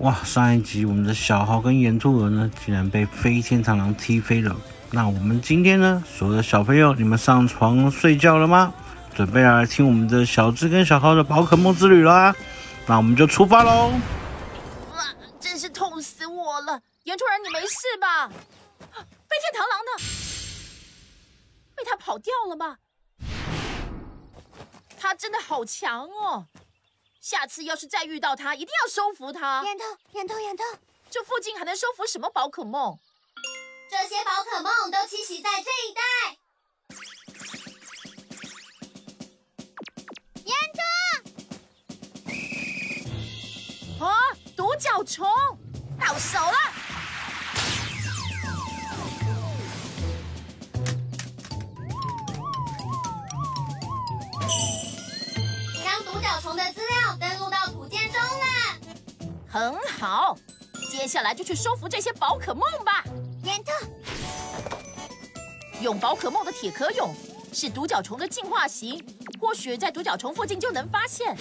哇，上一集我們的小豪跟演出鵝呢，竟然被飛天螳螂踢飛了。那我們今天呢，所有的小朋友，你們上床睡覺了嗎？準備來，來聽我們的小智跟小豪的寶可夢之旅啦。那我們就出發嘍！哇，真是痛死我了！演出人，你沒事吧？啊，飛天螳螂呢？被他跑掉了嗎？他真的好強哦！下次要是再遇到他，一定要收服他。眼頭，眼頭，眼頭，這附近還能收服什麼寶可夢？這些寶可夢都棲息在這一帶。眼頭，啊，獨角蟲，到手了。很好，接下來就去收服這些寶可夢吧，岩特。勇寶可夢的鐵殼蛹，是獨角蟲的進化型，或許在獨角蟲附近就能發現。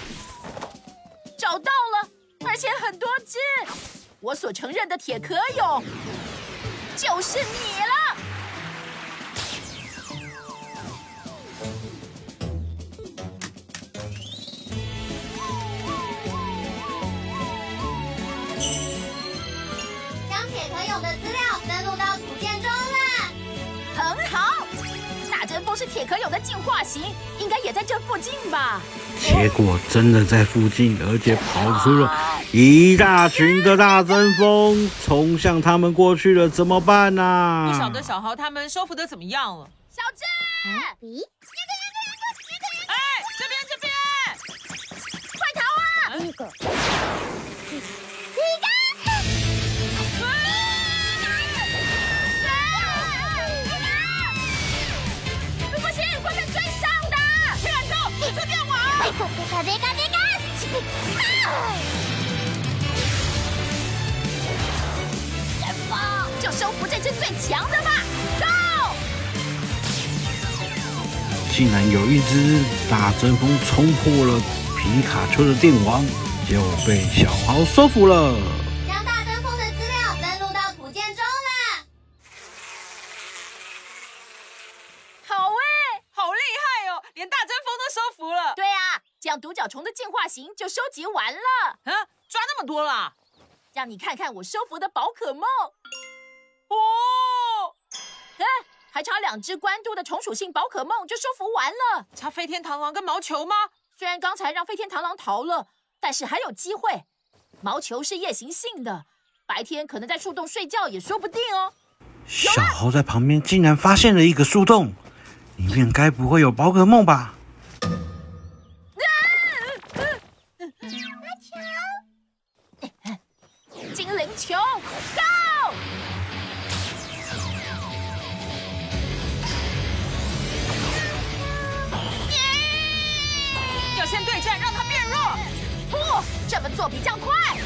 找到了，而且很多只。我所承認的鐵殼蛹，就是你。都是鐵殼蛹的進化型，應該也在這附近吧。結果真的在附近，而且跑出了一大群的大針蜂衝向他們過去了，怎麼辦呢、啊？不曉得小豪他們收服的怎麼樣了？小智哎、嗯欸，這邊這邊，快逃啊！最強的吧，Go! 竟然，有一隻大針蜂衝破了皮卡丘的電網，就被小豪收服了。將大針蜂的資料登錄到圖鑑中了。好耶，好厲害哦！連大針蜂都收服了。對啊，這樣獨角蟲的進化型就收集完了。啊、抓那麼多了，讓你看看我收服的寶可夢。哦、oh！哎，還差兩隻關都的蟲屬性寶可夢就收服完了。差飛天螳螂跟毛球嗎？雖然剛才讓飛天螳螂逃了，但是還有機會。毛球是夜行性的，白天可能在樹洞睡覺也說不定哦。小猴在旁邊竟然發現了一個樹洞，裡面該不會有寶可夢吧？做比較快。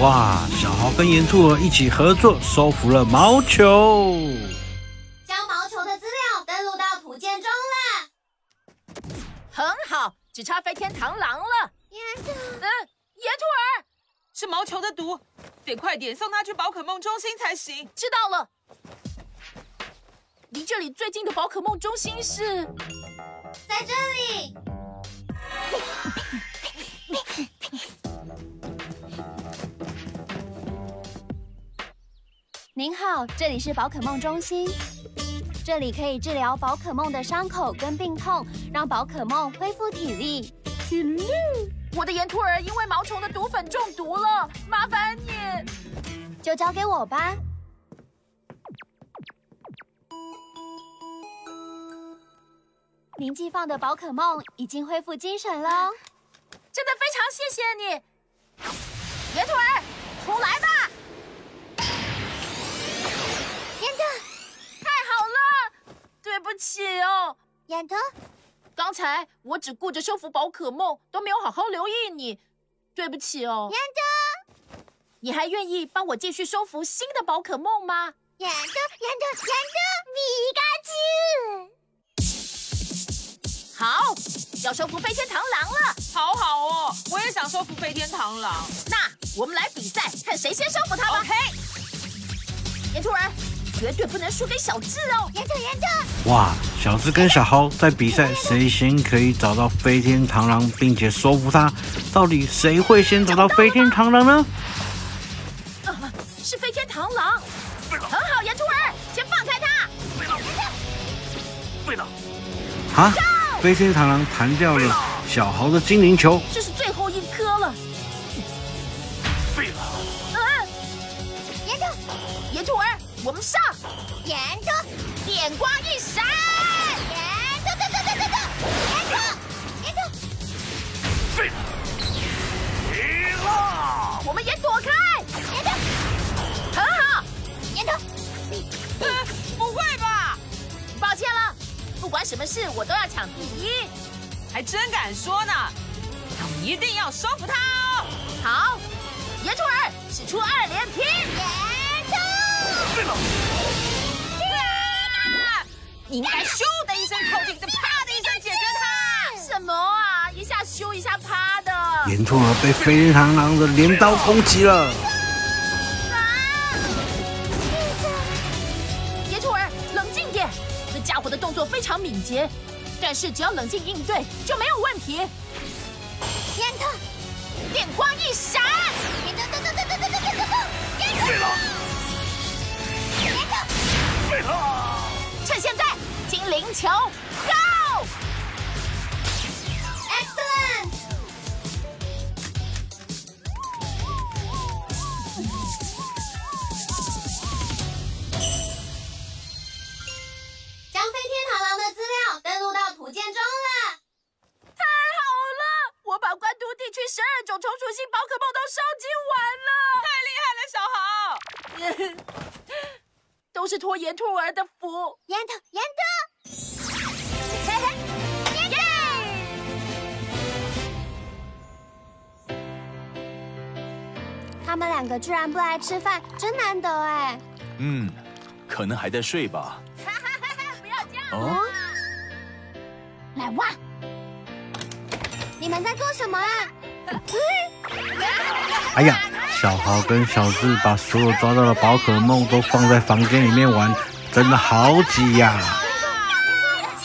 哇，小豪跟炎兔兒一起合作，收服了毛球。將毛球的資料登錄到圖鑑中了。很好，只差飛天螳螂了。炎、呃、兔兒，是毛球的毒，得快點送它去寶可夢中心才行。知道了。離這裡最近的寶可夢中心是，在這裡。哦您好，這裡是寶可夢中心，這裡可以治療寶可夢的傷口跟病痛，讓寶可夢恢復體力。體力，我的岩兔兒因為毛蟲的毒粉中毒了，麻煩你。就交給我吧。您寄放的寶可夢已經恢復精神了。真的非常謝謝你。岩兔兒，出來吧。對不起哦，岩都。剛才我只顧着收服寶可夢，都沒有好好留意你，對不起哦，岩都。你還願意幫我繼續收服新的寶可夢嗎？岩都，岩都，岩都，好，要收服飛天螳螂了。好好哦，我也想收服飛天螳螂。那我們來比賽，看誰先收服它吧。OK，岩人。絕對不能輸給小智哦！炎兔，炎兔！哇，小智跟小豪在比賽，誰先可以找到飛天螳螂並且說服他，到底誰會先找到飛天螳螂呢？啊、是飛天螳螂，很好，炎兔兒，先放開他。飛、啊啊、飛天螳螂彈掉了小豪的精靈球。這是。我們上，炎兔，電光一閃，炎兔，兔兔兔兔兔，炎兔，炎兔，了，我們也躲開，炎兔，很好，炎兔、呃，不會吧？抱歉了，不管什麼事我都要搶第一，還真敢說呢，我們一定要收服他哦，好，炎兔兒使出二連踢。了了了你應該咻的一聲靠近，再啪的一聲解決他。什麼啊？一下咻，一下啪的。野兔兒被飛天螳螂的鐮刀攻擊了。野兔兒，冷靜點。這家伙的動作非常敏捷，但是只要冷靜應對就沒有問題。電特，電光一閃。靈球，Go！Excellent！將飛天螳螂的資料登錄到圖鑑中了。太好了，我把關都地區十二種蟲屬性寶可夢都收集完了。太厲害了，小豪！ 都是托炎兔兒的福。炎兔，炎兔。他們兩個居然不來吃飯，真難得哎。嗯，可能還在睡吧。哈哈哈哈不要這樣，哦。來哇！你們在做什麼啊？ 哎呀，小豪跟小智把所有抓到的寶可夢都放在房間裡面玩，真的好擠呀，啊。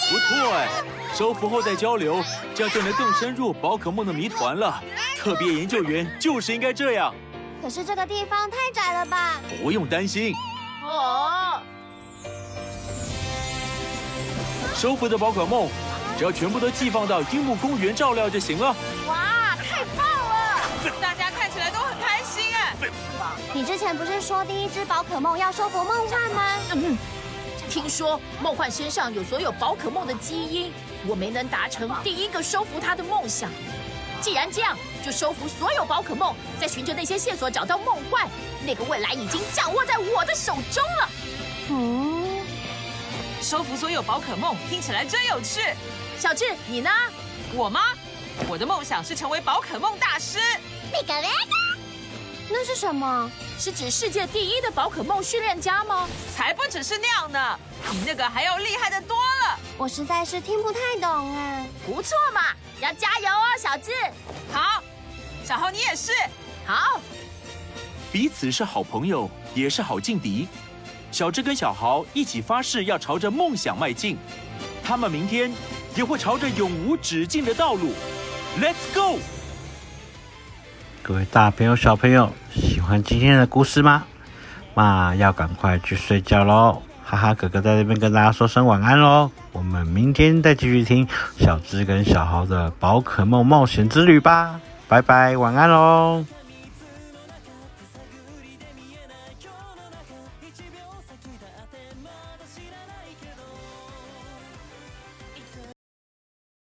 不錯哎，收服後再交流，這樣就能更深入寶可夢的謎團了。特別研究員就是應該這樣。可是這個地方太窄了吧？不用擔心。哦。收服的寶可夢，只要全部都寄放到櫻木公園照料就行了。哇，太棒了！大家看起來都很開心哎。你之前不是說第一隻寶可夢要收服夢幻嗎？嗯，聽說夢幻身上有所有寶可夢的基因，我沒能達成第一個收服它的夢想。既然這樣，就收服所有寶可夢，再循着那些線索找到夢幻，那個未來已經掌握在我的手中了。嗯，收服所有寶可夢聽起來真有趣。小智，你呢？我嗎？我的夢想是成為寶可夢大師。那個那個。那是什麼？是指世界第一的寶可夢訓練家嗎？才不只是那樣呢，比那個還要厲害的多了。我實在是聽不太懂啊。不錯嘛，要加油哦，小智。好，小豪你也是。好，彼此是好朋友，也是好勁敵。小智跟小豪一起發誓要朝着夢想邁進，他們明天也會朝着永無止境的道路。Let's go。各位大朋友、小朋友，喜歡今天的故事嗎？那要趕快去睡覺嘍！哈哈，哥哥在這邊跟大家說聲晚安嘍。我們明天再繼續聽小智跟小豪的寶可夢冒險之旅吧。拜拜，晚安嘍！